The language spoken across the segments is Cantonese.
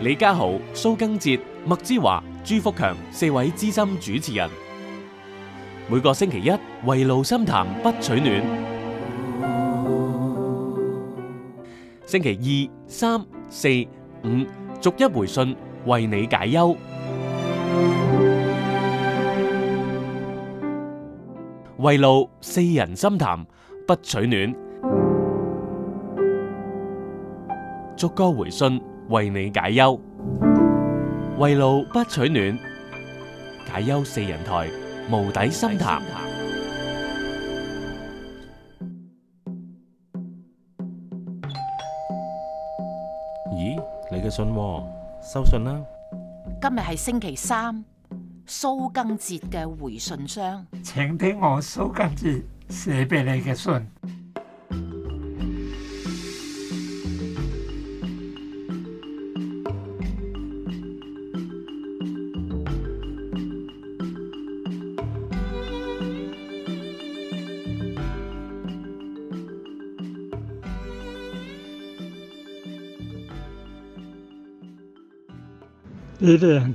李家豪、蘇賡哲、麥之華、朱福強四位資深主持人，每個星期一圍爐心談不取暖，星期二、三、四、五逐一回信為你解憂，圍爐四人心談不取暖，逐個回信。為你解憂，圍爐不取暖，解憂四人台，無底深潭。咦，你嘅信，收信啦！今日係星期三，蘇賡哲嘅回信箱，請聽我蘇賡哲寫俾你嘅信。Lilian，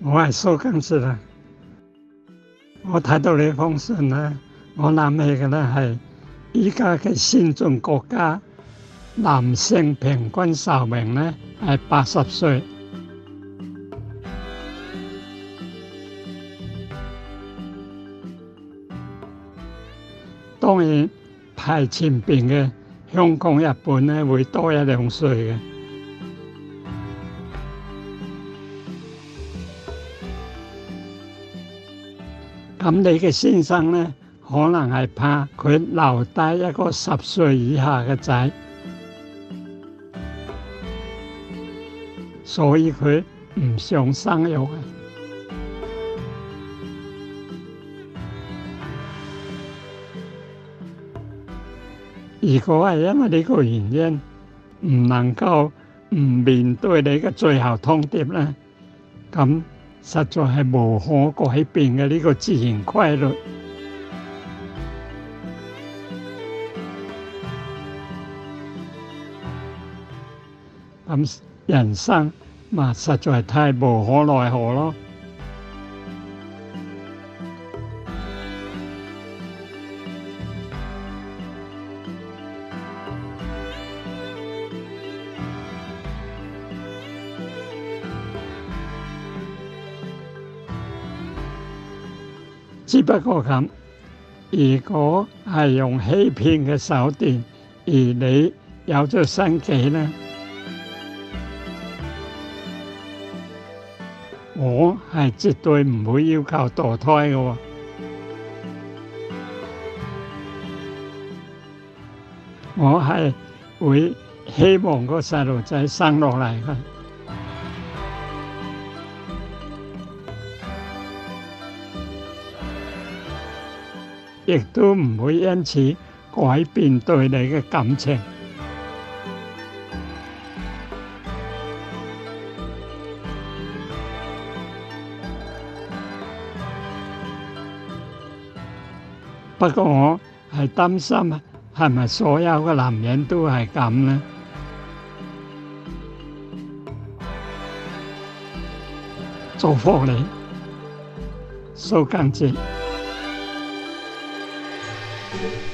我係蘇賡哲啊，我睇到你封信咧，我諗起嘅咧係，依家嘅先進國家男性平均壽命咧係八十歲，當然排前面嘅香港、日本咧會多一兩歲嘅。咁你嘅先生呢，可能係怕佢留低一個十歲以下嘅仔，所以佢唔想生育。如果係因為呢個原因，唔能夠唔面對你嘅最後通牒呢，咁。實在係無可改變嘅呢個自然規律。人生實在係太無可奈何囉。只不過咁，如果係用欺騙嘅手段，而你有咗身己呢，我係絕對唔會要求墮胎嘅。我係會希望個細路仔生落嚟嘅。亦都唔會因此改變對你嘅感情。不過我係擔心，係咪所有嘅男人都係咁呢？祝福你，蘇賡哲。